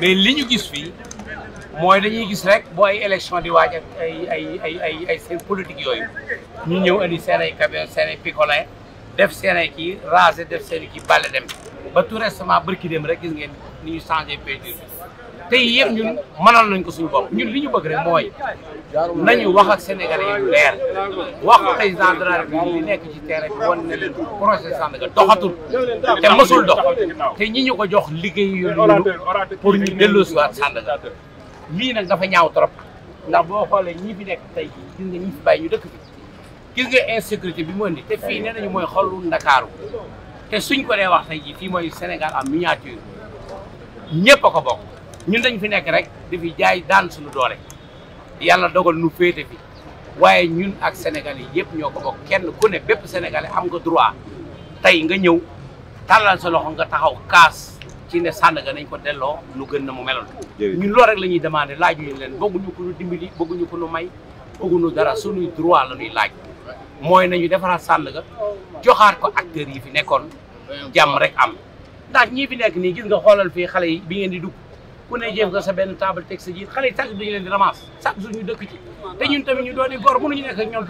mais li ñu gis fii mooy dañuy gis rek bu ay élection di waaj ak ay ay ay ay ay seen politique yooyu ñu ñëw indi seen ay camion seen ay picolin def seen ay kii raser def seen i kii bale dem ba tout récemment bërki dem rek gis ngeen ni ñu changé peinture bi tey yëpp ñun mënal nañ ko suñu bopp ñun li ñu bëgg rek mooy nañu wax ak sénégal yi leer wax président de la république li nekk ci terrain bi wan ne leen projet Sandaga doxatul te mësul dox te ñi ñu ko jox liggéey yu loolu pour ñu delloosiwaat Sandaga lii nag dafa ñaaw trop ndax boo xoolee ñi fi nekk tey gis nga ñi ñu dëkk bi gis nga insécurité bi mu indi te fii nañu mooy xolu Ndakaaru te suñ ko dee wax tey jii fii mooy Sénégal en ñaat ñëpp a ko bokk ñun dañ fi nekk rek di fi jaay daan suñu doole yàlla dogal nu féete fi waaye ñun ak sénégalais yëpp ñoo ko bokk kenn ku ne bépp sénégalais am nga droit tey nga ñëw tàllal sa loxo nga taxaw kaas ci ne Sandaga nañ ko delloo nu gën na mu meloon. ñun loolu rek la ñuy demandé laajuñu leen bëgguñu ko nu dimbali bëgguñu ko nu may bëgguñu dara suñuy droit la ñuy laaj mooy nañu defaraat Sandaga joxaat ko ak acteurs yi fi nekkoon jàmm rek am ndax ñii fi nekk nii gis nga xoolal fii xale yi bi ngeen di dugg. ku ne jéem nga sa benn table teg sa jiit xale yi chaque jour dañu leen di ramasse chaque jour ñu dëkk ci te ñun tamit ñu doon di góor mënuñu nekk ak ñoom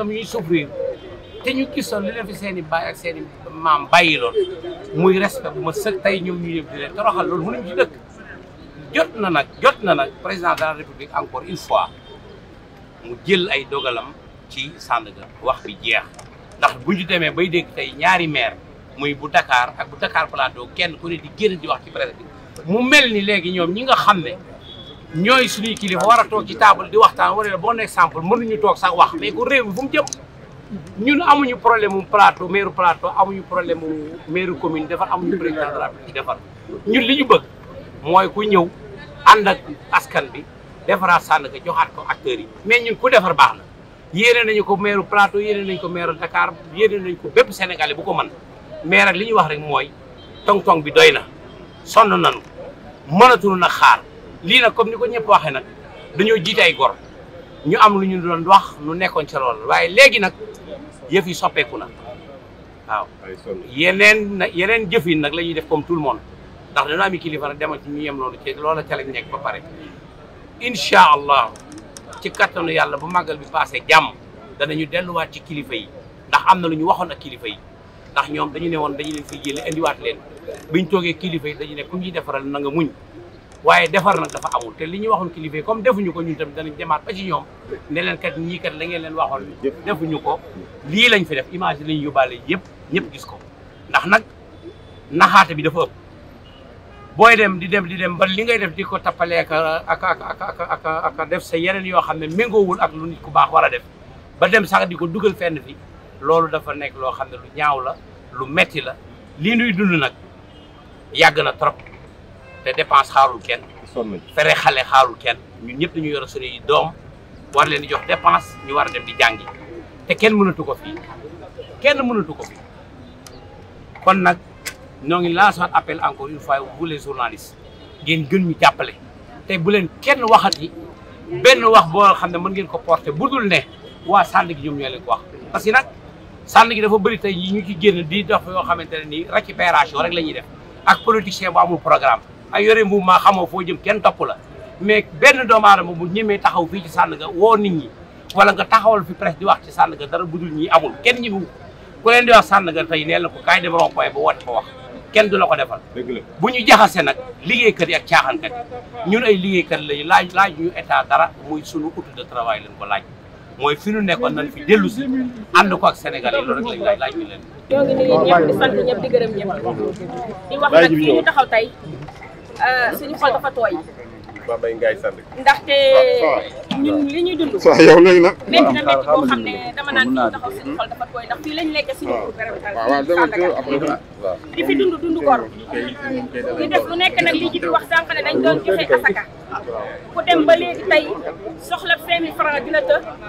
te ñu gisoon li leen fi seen i seen maam bàyyi lool muy respect bu ma sëkk tey ñoom ñu yëpp di leen toroxal loolu mënuñ ci dëkk jot na nag jot na nag président de la république encore une fois mu jël ay dogalam ci Sandaga wax bi jeex ndax bu ñu demee bay dégg tey ñaari meer muy bu Dakar ak bu Dakar Plateau kenn ku ne di génn di wax ci président mu mel ni léegi ñoom ñi nga xam ne ñooy suñuy kilifa war a toog ci taabul di waxtaan wala bon exemple mënuñu toog sax wax mais ku réew mi fu mu jëm ñun amuñu problème mu plateau maire plateau amuñu problème mu maire commune defar amuñu président de la defar ñun li ñu bëgg mooy ku ñëw ànd ak askan bi defaraat sànn ko joxaat ko ak yi. mais ñun ku defar baax na yéene nañu ko maire plateau yéene nañu ko maire Dakar yéene nañu ko bépp Sénégalais bu ko man mais rek li ñu wax rek mooy tong-tong bi doy na. sonn nañu mënatul na xaar lii nag comme ni ko ñëpp waxee nag dañoo jiite ay gor ñu am lu ñu doon wax lu nekkoon ca lool waaye léegi nag yëf yi soppeeku na waaw. yeneen na yeneen jëf yi nag la ñuy def comme tout le ndax dañoo am i kilifa na demal ci ñu yem loolu ci ca lañ nekk ba pare. incha allah ci kattanu yàlla bu màggal bi paase jàmm danañu delluwaat ci kilifa yi ndax am na lu ñu waxoon a kilifa yi. ndax ñoom dañu ne woon dañu leen fiy jëlee indiwaat leen biñ toogee kilifa dañu ne ku ñuy defaral nanga nga muñ waaye defar nag dafa amul te li ñu waxoon kilifa yi comme defuñu ko ñun tamit danañ demaat ba ci ñoom ne leen kat ñii kat la ngeen leen waxoon defuñu ko lii lañ fi def image lañ yóbbaale yëpp ñëpp gis ko ndax nag naxaate bi dafa booy dem di dem di dem ba li ngay def di ko tappalee ak ak def sa yeneen yoo xam ne méngoowul ak lu nit ku baax war a def ba dem sax di ko dugal fenn fi loolu dafa nekk loo xam ne lu ñaaw la lu metti la lii nuy dund nag yàgg na trop te dépense xaarul kenn fere xale xaarul kenn ñun ñëpp dañu yor suñuy doom war leen di jox dépense ñu war a dem di jàngi te kenn mënatu ko fii kenn mënatu ko fii kon nag ñoo ngi lancé appel encore une fois vous les journalistes ngeen gën ñu jàppale te bu leen kenn waxati benn wax boo xam ne mën ngeen ko bu dul ne waa Sandaga ñoom ñoo leen ko wax parce nag sànn gi dafa bëri tey yi ñu ci génn di dox yoo xamante ne nii récupération rek la ñuy def ak politicien bu amul programme ay yore mouvement xamoo foo jëm kenn topp la mais benn doomu aadama bu ñemee taxaw fii ci sànn ga woo nit ñi wala nga taxawal fi presse di wax ci sànn ga dara budul ñi amul kenn ñi ku leen di wax sànn ga tey neel na ko kaay dem rond-point ba woote fa wax kenn du la ko defal bu ñu jaxase nag liggéey liggéeykat yi ak caaxaankat yi ñun ay liggéeykat lañu laaj laaj ñu état dara muy sunu outil de travail lañ ko laaj mooy fi ñu nekkoon nañ fi dellu si ko ak sénégalais loolu rek lañ laaj laaj bi leen. ñoo ngi di sant ñëpp gërëm ñëpp ñu euh, ndaxte li ñuy dund. waaw yow léegi nag. métti na métti boo xam ne dama naan fi taxaw suñu xol dafa tooy ndax fii lañ lekk suñu pour gërëmatal. waaw waaw dama dund dund gor. ñu def lu nekk nag li ji bi wax sànq ne dañ joxe asaka. ku dem ba léegi tey soxla 5000 francs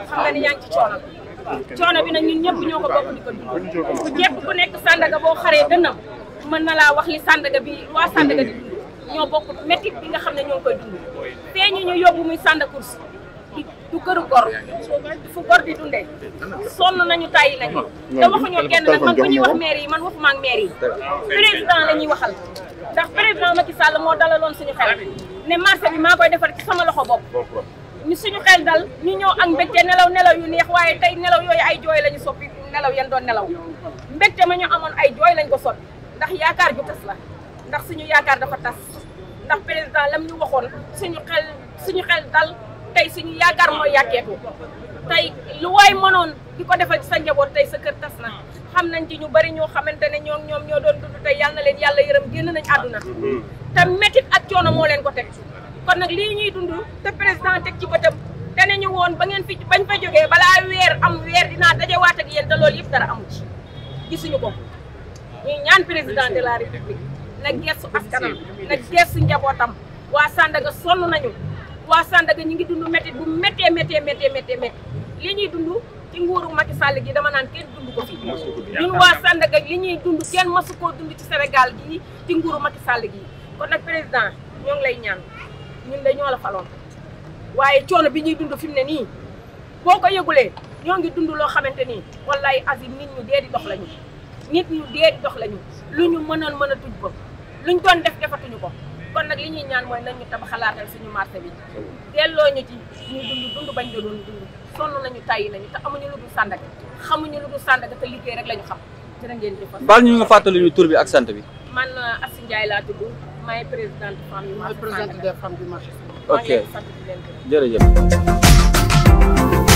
xam nga ni yaa ngi ci coono coono bi nag ñun ñëpp ñoo ko bokk di ko dund képp ku nekk Sandaga boo xaree dënnam mën na laa wax li Sandaga bi waa Sandaga di ñoo bokk métti bi nga xam ne ñoo ngi koy dund fee ñu ñu yóbbu muy Sanda course du këru gor fu gor di dundee sonn nañu tàyyi nañu te waxuñoo kenn nag man bu ñuy wax maire yi man waxuma ak maire yi président la waxal ndax président Macky Sall moo dalaloon suñu xel ne marché bi maa koy defar ci loxo bopp ñu suñu xel dal ñu ñëw ak mbégte nelaw nelaw yu neex waaye tey nelaw yooyu ay jooy lañu soppi nelaw yan doon nelaw mbégte ma ñu amoon ay jooy lañ ko soppi ndax yaakaar ju tas la ndax suñu yaakaar dafa tas ndax président lam ñu waxoon suñu xel suñu xel dal tey suñu yaakaar mooy yàkkeeku tey lu waay mënoon di ko defal ci sa njaboot tey sa kër tas na xam nañ ci ñu bari ñoo xamante ne ñoom ñoom ñoo doon dund tey yal na leen yàlla yërëm génn nañ àdduna te métit ak coono moo leen ko teg kon nag lii ñuy dund te président teg ci bëtam te ne woon ba ngeen fi bañ fa jógee balaa weer am weer dinaa dajewaat ak yéen te loolu yëpp dara amu ci gisuñu ko ñuy ñaan président de la république na gestu askanam na gestu njabootam waa Sandaga sonn nañu waa Sandaga ñu ngi dund métti bu méttee méttee méttee méttee métti ñuy dund ci nguuru Macky sàll gi dama naan kenn dund ko fi ñun waa Sandaga li ñuy dund kenn masu koo dund ci Sénégal gii ci nguuru Macky Sall gi kon nag président ñoo ngi lay ñaan ñun dañoo la faloon waaye coono bi ñuy dund fi mu ne nii boo ko yëgulee ñoo ngi dund loo xamante nii wallaay azim nit ñu dee di dox lañu nit ñu dee di dox lañu lu ñu mënoon mën a tuj ko luñ doon def defatuñu ko kon nag li ñuy ñaan mooy nañ ñu tabaxalaatal suñu marché bi delloo ñu ci ñu dund dund bañ doon dund sonn nañu tàyyi nañu te amuñu lu dul Sandaga xamuñu lu dul Sandaga te liggéey rek lañu xam jërë ngeen jëf baal ñu nga tur bi ak sant bi man Assi Ndiaye laa tudd maay présidente femme yu ma. maay présidente ok